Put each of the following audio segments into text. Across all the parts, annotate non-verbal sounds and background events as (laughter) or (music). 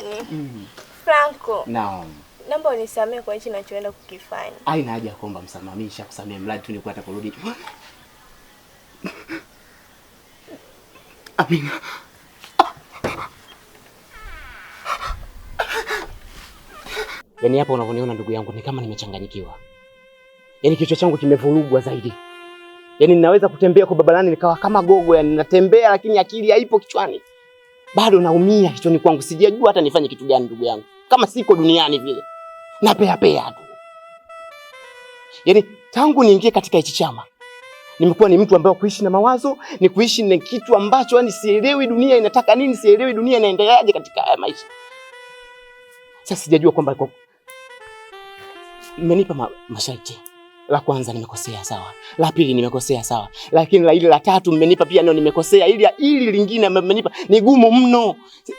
fulani mm. Franco, naam, naomba unisamee kwa hichi ninachoenda kukifanya. Haina haja kuomba msamaha, mimi mradi tu nilikuwa natakurudi. (laughs) Amina. Yaani hapa unavyoniona ndugu yangu ni kama nimechanganyikiwa. Yaani kichwa changu kimevurugwa zaidi. Yaani ninaweza kutembea kwa babalani nikawa kama gogo, yani natembea lakini akili haipo kichwani bado naumia kichwani kwangu, sijajua hata nifanye kitu gani. Ndugu yangu, kama siko duniani vile, pea tu. Yaani tangu niingie katika hichi chama nimekuwa ni mtu ambaye kuishi na mawazo ni kuishi na kitu ambacho yani sielewi dunia inataka nini, sielewi dunia inaendeleaje katika haya maisha. Sasa sijajua kwamba mmenipa ma masharti la kwanza nimekosea, sawa. La pili nimekosea, sawa, lakini la ile la tatu mmenipa pia nao nimekosea. Ili ili lingine ambalo mmenipa ni gumu mno,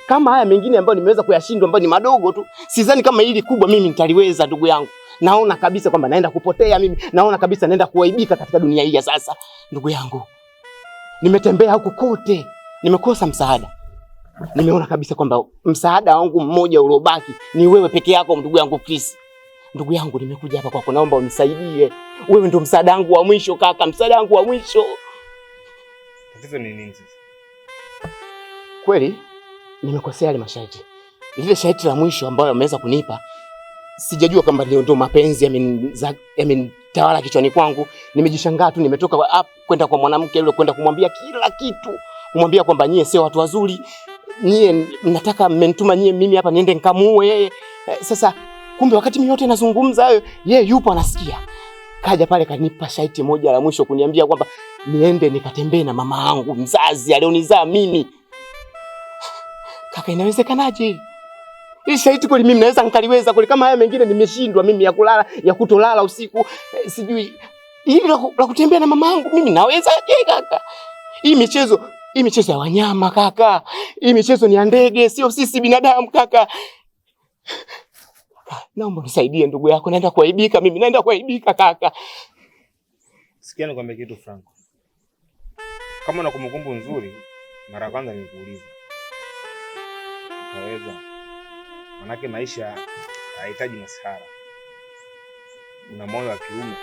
kama haya mengine ambayo nimeweza kuyashindwa, ambayo ni madogo tu. Sidhani kama ili kubwa mimi nitaliweza, ndugu yangu. Naona kabisa kwamba naenda kupotea mimi, naona kabisa naenda kuaibika katika dunia hii ya sasa. Ndugu yangu, nimetembea huku kote, nimekosa msaada. Nimeona kabisa kwamba msaada wangu mmoja uliobaki ni wewe peke yako, ndugu yangu Chris. Ndugu yangu, nimekuja hapa kwako, naomba unisaidie. Wewe ndo msaada wangu wa mwisho kaka, msaada wangu wa mwisho. Tatizo ni nini sasa? Kweli nimekosea yale masharti, lile sharti la mwisho ambayo ameweza kunipa, sijajua kwamba ndio mapenzi yamenitawala kichwani kwangu. Nimejishangaa tu, nimetoka kwenda kwa mwanamke yule, kwenda kumwambia kila kitu, kumwambia kwamba nyie sio watu wazuri, nyie mnataka, mmenituma nyie mimi hapa niende nikamuue yeye. Eh, sasa Kumbe wakati mimi yote nazungumza hayo, yeye yupo anasikia. Kaja pale kanipa shaiti moja la mwisho kuniambia kwamba niende nikatembee na mama yangu mzazi alionizaa mimi. Kaka, inawezekanaje? Hii shaiti kweli mimi naweza nikaliweza kweli, kama haya mengine nimeshindwa mimi ya kulala, ya kutolala usiku, eh, sijui hili la kutembea na mama yangu mimi naweza je? kaka? Hii michezo hii michezo ya wanyama kaka, hii michezo ni ya ndege, sio sisi binadamu kaka naomba nisaidie ndugu yako, naenda kuaibika mimi, naenda kuaibika kaka. Sikia nikwambia kitu Franco, kama na kumbukumbu nzuri, mara ya kwanza nilikuuliza utaweza, manake maisha hayahitaji masihara. Una moyo wa kiume,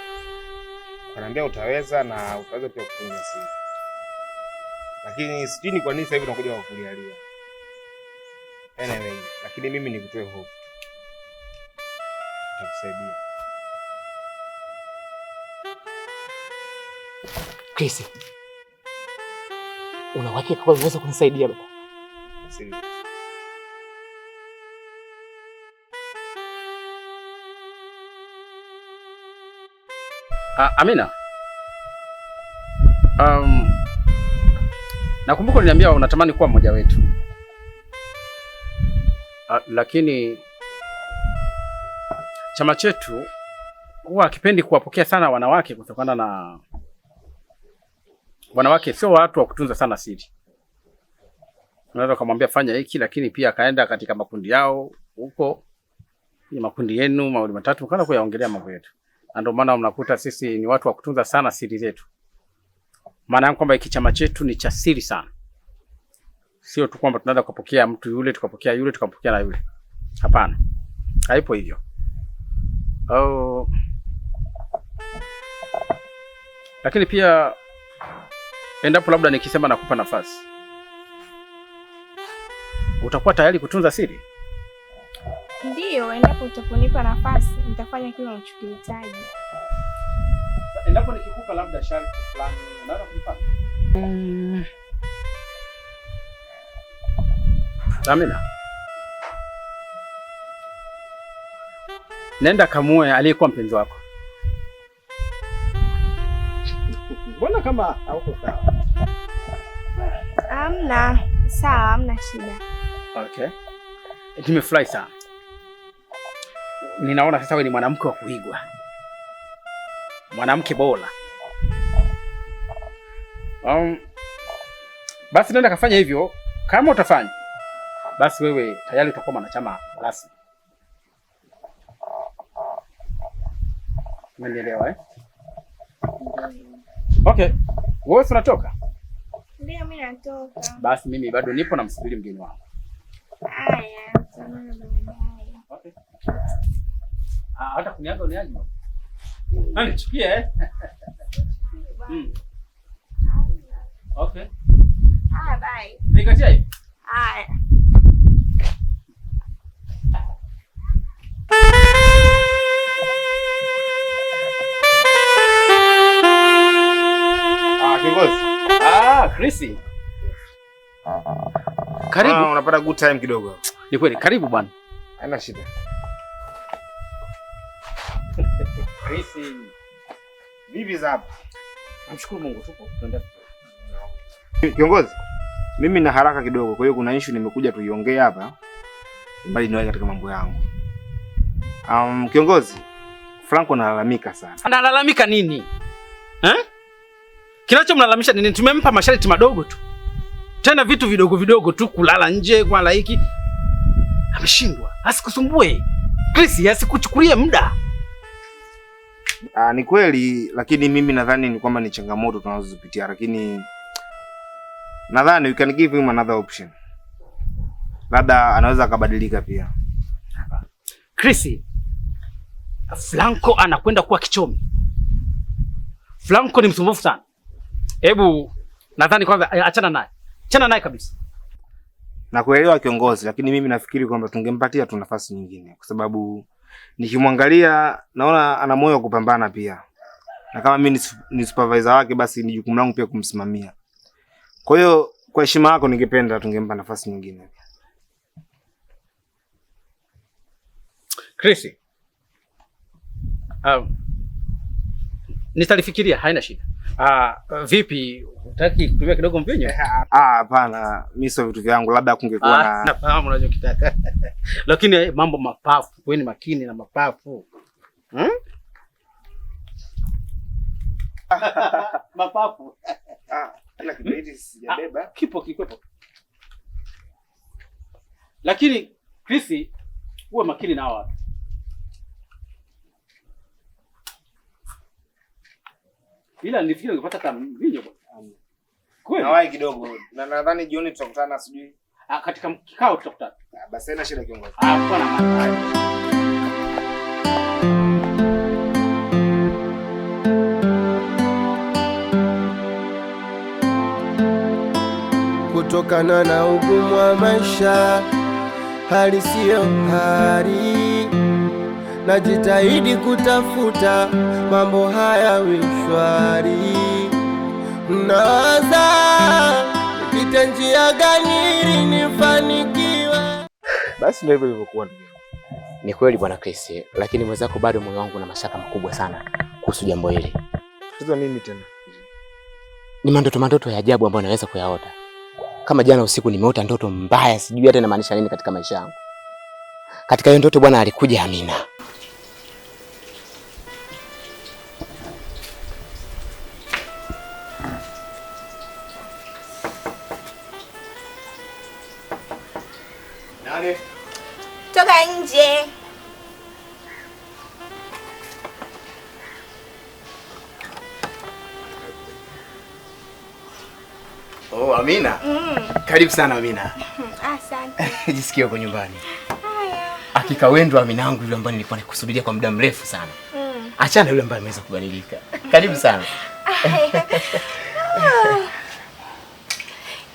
kanaambia utaweza na utaweza pia kufunga siri, lakini sijui ni kwa nini sasa hivi unakuja kukulialia. Anyway, lakini mimi nikutoe hofu tutakusaidia. Chris, una uhakika kwa unaweza kunisaidia baba? Ah, Amina. Um, nakumbuka uliniambia unatamani kuwa mmoja wetu. Uh, lakini chama chetu huwa hakipendi kuwapokea sana wanawake kutokana na wanawake sio watu wa kutunza sana siri. Unaweza kumwambia fanya hiki, lakini pia akaenda katika makundi yao huko, ni makundi yenu mawili matatu, kana kuyaongelea mambo yetu. na Ndio maana mnakuta sisi ni watu wa kutunza sana siri zetu. Maana yangu kwamba hiki chama chetu ni cha siri sana, sio tu kwamba tunaweza kupokea mtu yule tukapokea yule tukapokea na yule. Hapana, haipo hivyo au lakini pia endapo labda nikisema nakupa nafasi, utakuwa tayari kutunza siri? Ndiyo, endapo utakunipa nafasi nitafanya kile unachokihitaji. Endapo nikikupa labda sharti fulani, unaweza kunipa? kunifanya? Mm. Amina. Naenda kamue aliyekuwa mpenzi wako. Mbona kama hauko sawa? Amna, sawa, amna shida. Okay. Nimefurahi sana. Ninaona sasa wewe ni mwanamke wa kuigwa, mwanamke bora. Um, basi nenda kafanya hivyo. Kama utafanya basi, wewe tayari utakuwa mwanachama rasmi Umenielewa eh? Okay. Wewe unatoka? Ndio mimi natoka. Basi mimi bado nipo na msubiri mgeni wangu. Haya, tutaonana baadaye. Okay. Ah, hata kuniaga uniaje? Nani chukia eh? Mm. Okay. Ah, bye. Nikatia hivi? Haya. Chris. Ah. Karibu. Ah, unapata good time kidogo. Ni kweli, karibu bwana. Haina shida. (laughs) Chris. Vipi zapo? Namshukuru Mungu tupo. Kiongozi, mimi na haraka kidogo, kwa hiyo kuna issue nimekuja tuiongee hapa mbali niwae katika mambo yangu. Um, kiongozi, Franco analalamika sana. Analalamika nini? Eh? Kinachomlalamisha nini? Tumempa masharti madogo tu, tena vitu vidogo vidogo tu, kulala nje kwa laiki. Ameshindwa, asikusumbue Chris, asikuchukulie muda. Ah, ni kweli, lakini mimi nadhani ni kwamba ni changamoto tunazozipitia, lakini nadhani we can give him another option, labda anaweza akabadilika pia. Chris, Franco anakwenda kuwa kichomi. Franco ni msumbufu sana Hebu nadhani kwanza eh, achana naye, achana naye kabisa. Nakuelewa kiongozi, lakini mimi nafikiri kwamba tungempatia tu nafasi nyingine, kwa sababu nikimwangalia naona ana moyo wa kupambana pia, na kama mimi ni supervisor wake, basi ni jukumu langu pia kumsimamia. Kwa hiyo kwa heshima yako, ningependa tungempa nafasi nyingine. Chris, um, nitalifikiria, haina shida. Ah, vipi hutaki kutumia kidogo mvinyo? Eh, ah, ah, hapana, mimi sio vitu vyangu, labda kungekuwa ah, na ah, (laughs) nafahamu unachokitaka. (laughs) Lakini mambo mapafu, kweni makini na mapafu. Hmm? (laughs) mapafu. Ah, ila kipindi sijabeba. Ah, kipo kikwepo. Lakini Chris, uwe makini na watu. ila nilifikiri ungepata hata mvinyo bwana. Kweli nawahi kidogo, na nadhani jioni tutakutana, sijui ah, katika kikao tutakutana. Ah, basi haina shida kiongozi. Ah, kwa na maana kutokana na ugumu wa maisha hali siyo hali najitahidi kutafuta mambo haya wishwari. Nawaza nipite njia gani ili nifanikiwe. Basi ndio hivyo ilivyokuwa. Ni kweli bwana Chris, lakini mwenzako bado moyo wangu na mashaka makubwa sana kuhusu jambo hili. Sasa nini tena? Ni mandoto mandoto ya ajabu ambayo naweza kuyaota. Kama jana usiku nimeota ndoto mbaya, sijui hata inamaanisha nini katika maisha yangu. Katika hiyo ndoto bwana, alikuja Amina. nje. Oh, Amina. Mm. Karibu sana Amina. (laughs) Asante. (laughs) Jisikia kwa nyumbani. Haya. Hakika wewe ndo Amina yangu yule ambaye nilikuwa nikusubiria kwa muda mrefu sana. Mm. Achana yule ambaye ameweza kubadilika. Karibu sana. (laughs) Ah.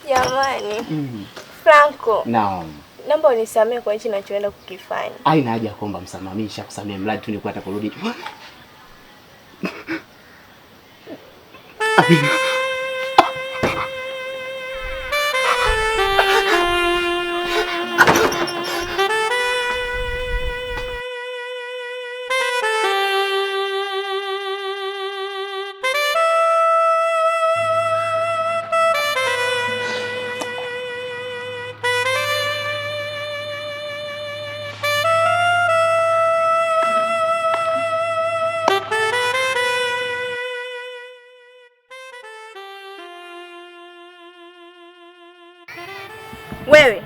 Jamani. Mm. Franco. Naam. Naomba unisamehe kwa hichi ninachoenda kukifanya. aina haja ya kuomba msamaha, mimi nishakusamehe mradi tu nilikuwa natakurudi. Amina. Wewe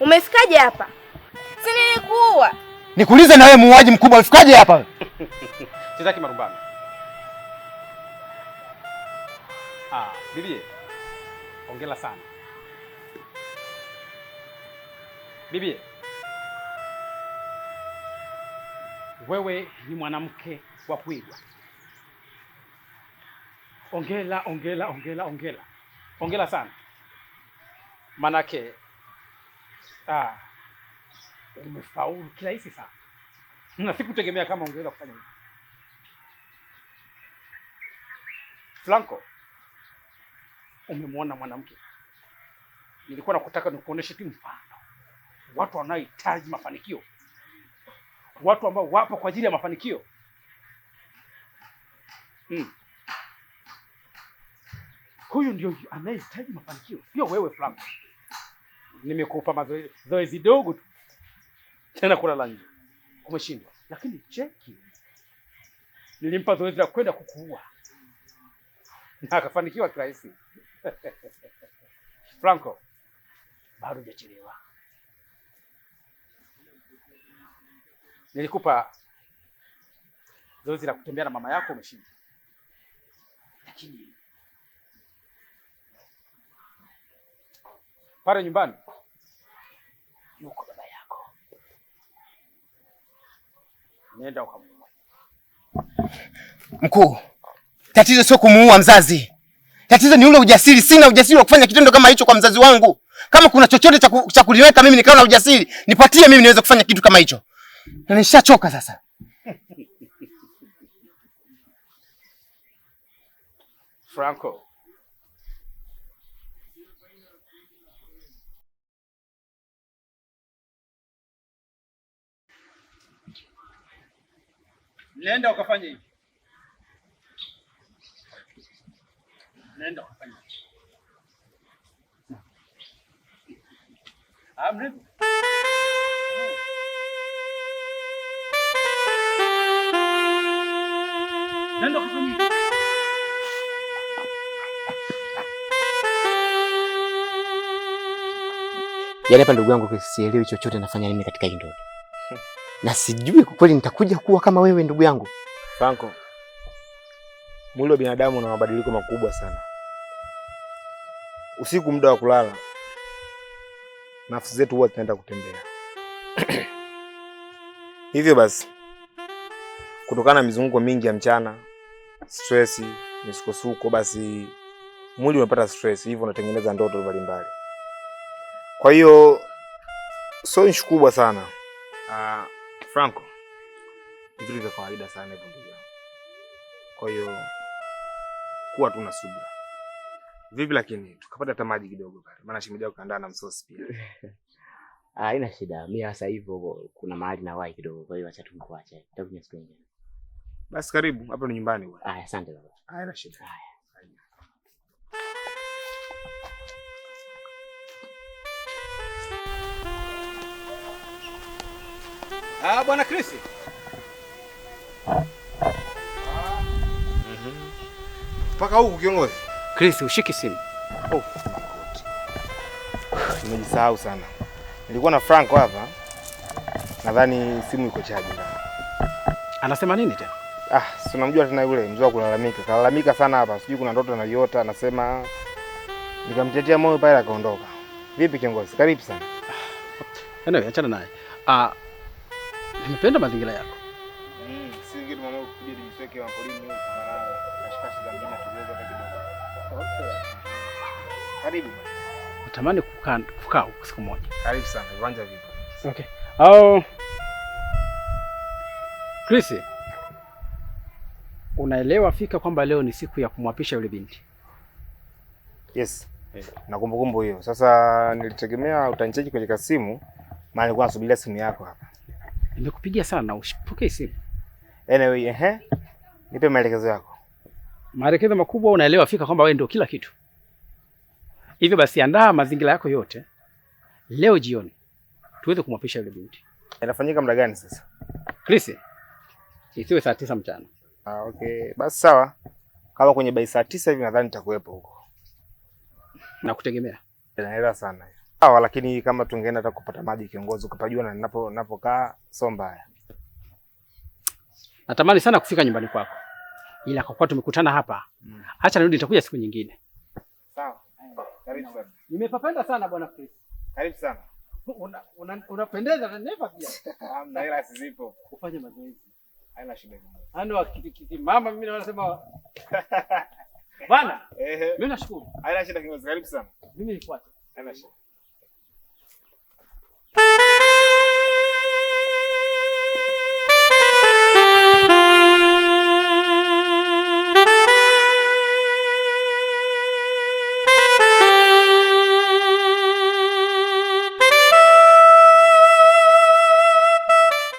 umefikaje hapa? Si nilikuwa Nikuulize na wewe muuaji mkubwa ufikaje hapa? Sitaki (laughs) marumbano. Ah, bibi. Ongela sana. Bibi. Wewe ni mwanamke wa kuigwa. Ongela, ongela, ongela, ongela. Ongela sana. Manake Ah, umefaulu kirahisi sana, na sikutegemea kama ungeweza kufanya hivyo. Franco, umemwona mwanamke, nilikuwa nakutaka nikuoneshe tu mfano watu wanaohitaji mafanikio, watu ambao wapo kwa ajili ya mafanikio mm. Huyu ndio anayehitaji mafanikio, sio wewe Franco nimekupa mazoezi zoezi dogo tu, tena kulala nje umeshindwa. Lakini cheki, nilimpa zoezi la kwenda kukuua na akafanikiwa kirahisi. (laughs) Franco, bado hujachelewa. Nilikupa zoezi la kutembea na mama yako, umeshindwa. Lakini pale nyumbani Nenda ukamuua. Mkuu, tatizo sio kumuua mzazi, tatizo ni ule ujasiri. Sina ujasiri wa kufanya kitendo kama hicho kwa mzazi wangu. Kama kuna chochote cha kuliweka mimi nikawa na ujasiri, nipatie mimi niweze kufanya kitu kama hicho, na nishachoka sasa. Franco, Nenda ukafanye hivi. Nenda ukafanye hivi. Amna. Ah, Nenda hivi. Yaani hapa ndugu yangu sielewi chochote nafanya nini katika hii ndoto na sijui kwa kweli nitakuja kuwa kama wewe ndugu yangu Franco. Mwili wa binadamu una mabadiliko makubwa sana. Usiku muda wa kulala, nafsi zetu huwa zinaenda kutembea (clears throat) hivyo basi, kutokana na mizunguko mingi ya mchana, stress, misukosuko, basi mwili unapata stress, hivyo unatengeneza ndoto mbalimbali. Kwa hiyo so nshu kubwa sana uh, Franco ni vitu vya kawaida sana hivyo ndugu kwa hiyo kuwa tu na subira vipi, lakini tukapata hata maji kidogo pale, maana shimeji kaandaa na msosi pia. (laughs) Ah, haina shida, mimi hasa hivyo, kuna mahali na wahi kidogo, kwa hiyo acha tu nikuache, nitakuja siku nyingine. Basi karibu, hapa ni nyumbani bwana. Ah, asante baba. Haina shida. Ah, Bwana Chris. Mhm. Paka huku kiongozi. Chris, ushiki simu. Oh, nimejisahau sana. Nilikuwa na Franco hapa. Nadhani simu iko chaji ndani. Anasema nini tena? Ah, si unamjua tena yule mzee wa kulalamika. Kalalamika sana hapa. Sijui kuna ndoto anaiota, anasema nikamtetea moyo pale akaondoka. Vipi kiongozi? Karibu sana. Ah, anyway, achana naye. Ah, Napenda mazingira yako. Natamani kukaa siku moja. Karibu sana, viwanja vipo. Okay. Au Chris, unaelewa fika kwamba leo ni siku ya kumwapisha yule binti? Yes. Yeah. Na kumbukumbu hiyo. Sasa nilitegemea utanichaji kwenye kasimu, maana nilikuwa nasubiria simu yako hapa. Nimekupigia sana, usipokee simu. Anyway, ehe. Nipe maelekezo yako. Maelekezo makubwa, unaelewa fika kwamba wewe ndio kila kitu. Hivyo basi andaa mazingira yako yote leo jioni tuweze kumwapisha yule binti. Inafanyika muda gani sasa? Chris, isiwe saa tisa mchana. Ah, okay. Basi sawa. Kama kwenye bai saa tisa hivi nadhani nitakuwepo huko. Nakutegemea. Naelewa sana sawa, lakini kama tungeenda hata kupata maji kiongozi, ukapajua na ninapo ninapokaa sio mbaya. Natamani sana kufika nyumbani kwako, ila kwa kuwa tumekutana hapa mm, acha narudi, nitakuja siku nyingine. Sawa, karibu sana. Nimepapenda sana bwana Chris, karibu sana. Una, una, unapendeza na neva pia. (laughs) Hamna hela sizipo. Ufanye mazoezi. Haina shida. Hano wakikiti mama mimi wanasema (laughs) Bwana, (laughs) mimi nashukuru. Haina shida kiongozi, karibu sana. Mimi nifuate. Haina shida.